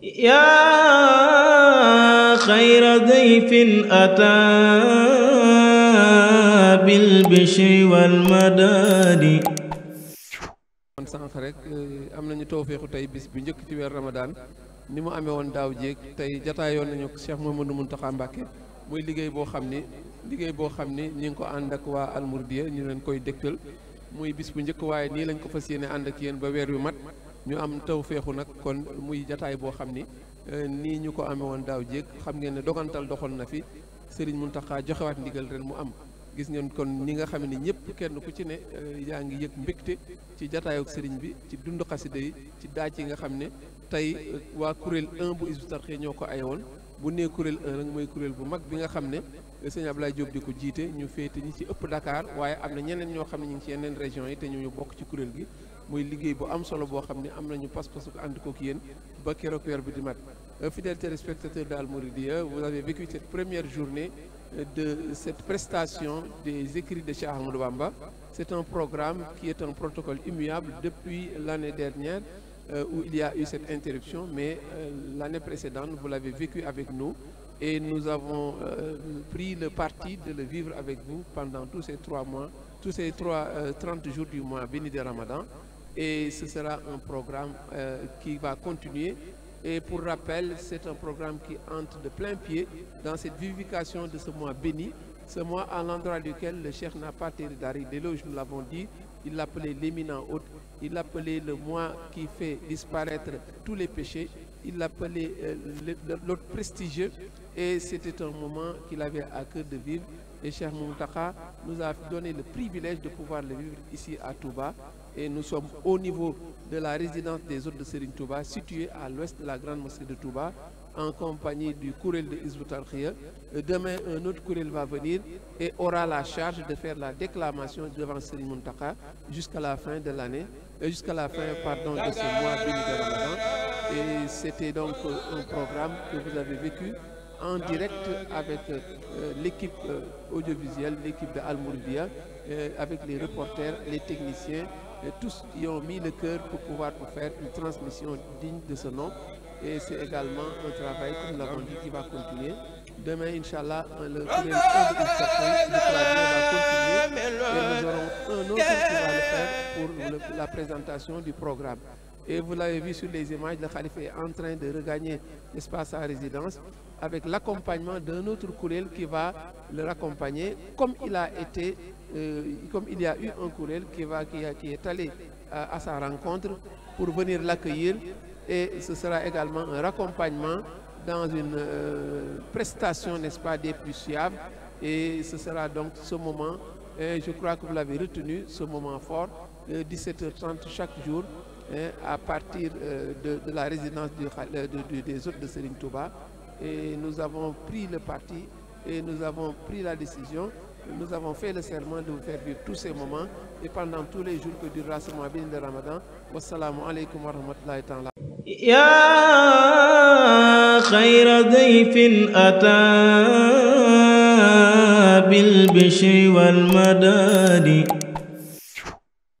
yaa xayra dayfin ataa bil bishri wal madaadi kon sànq rek eh, am nañu toofeexu tey bis bu njëkk ci weer ramadaan ni mu amee woon daaw jéeg tey jataayoon nañu Cheikh Mouhamadou Mountakha Mbacké muy liggéey boo xam ni liggéey boo xam ni ñu ngi ko ànd ak waa almourdiya ñu leen koy dëkkal muy bis bu njëkk waaye nii lañ ko fas yéene ànd ak yéen ba weer yu mat ñu am taw feexu nag kon muy jataay boo xam ni euh, nii ñu ko amee woon daaw jéeg xam ngeen ne dogantal doxoon na fi Serigne Mountakha joxewaat ndigal ren mu am gis ngeen kon ñi nga xam ne ñëpp kenn ku ci ne euh, yaa ngi yëg mbégte ci jataayu Serigne bi ci dund xasida yi ci daaj yi nga xam ne tey euh, waa kuréel 1 bu Hizbut Tarqiyyah ñoo ko ay woon bu nee kuréel 1 rek mooy kuréel bu mag bi nga xam ne sëñ Ablaye Diop di ko jiite ñu féete ñi ci ëpp Dakar waaye am na ñeneen ñoo xam ne ñu ngi ci yi te ñu bokk ci kuréel gi muy liggéey bu am solo boo xam ni am nañu pas-pas ko ànd kook yéen ba keroog weer bi di mat fidèles téléspectateurs de Al Mouridiyyah vous avez vécu cette première journée de cette prestation des écrits de Cheikh Ahmadou Bamba c'est un programme qui est un protocole immuable depuis l'année dernière euh, où il y a eu cette interruption mais euh, l'année précédente vous l'avez vécu avec nous et nous avons euh, pris le parti de le vivre avec vous pendant tous ces trois mois tous ces trois euh, trente jours du mois et ce sera un programme euh, qui va continuer. Et pour rappel, c'est un programme qui entre de plein pied dans cette vivification de ce mois béni, ce mois à l'endroit duquel le Cheikh n'a pas tiré d'arrêt d'éloge, nous l'avons dit, il l'appelait l'éminent hôte, il l'appelait le mois qui fait disparaître tous les péchés, il l'appelait euh, l'hôte prestigieux, et c'était un moment qu'il avait à cœur de vivre. Et Cheikh Mountaka nous a donné le privilège de pouvoir le vivre ici à Touba. et nous sommes au niveau de la résidence des hôtes de Serigne Touba située à l'ouest de la grande mosquée de Touba en compagnie du kuréel de Hizbut Tarqiyyah euh, demain un autre kuréel va venir et aura la charge de faire la déclamation devant Serigne Mountakha jusqu'à la fin de l'année euh, jusqu'à la fin pardon de et c'était donc euh, un programme que vous avez vécu en direct avec euh, l'équipe euh, audiovisuelle l'équipe de avec les reporters les techniciens et tous y ont mis le cœur pour pouvoir faire une transmission digne de ce nom et c'est également un travail comme l'avons qui va continuer demain Inch'Allah le premier va le faire pour la présentation du programme et vous l'avez vu sur les images le khalife est en train de regagner l'espace à résidence avec l'accompagnement d'un autre kuréel qui va le raccompagner comme il a été Euh, comme il y a eu un courriel qui, va, qui, qui est et ce sera également un raccompagnement dans une euh, prestation, des plus suaves. Et ce donc ce moment, je crois que vous l'avez moment fort, euh, 17h30 chaque jour, à partir euh, de, de, la résidence du, euh, des hôtes de Sering Touba. Et nous avons pris parti et nous pris la décision nous avons fait le serment de vous faire vivre tous ces moments et pendant tous les jours que durera ce mois béni de Ramadan wasalaamu aleykum wa rahmatullahi taala yaa xayra dayfin ataa bil bishri wal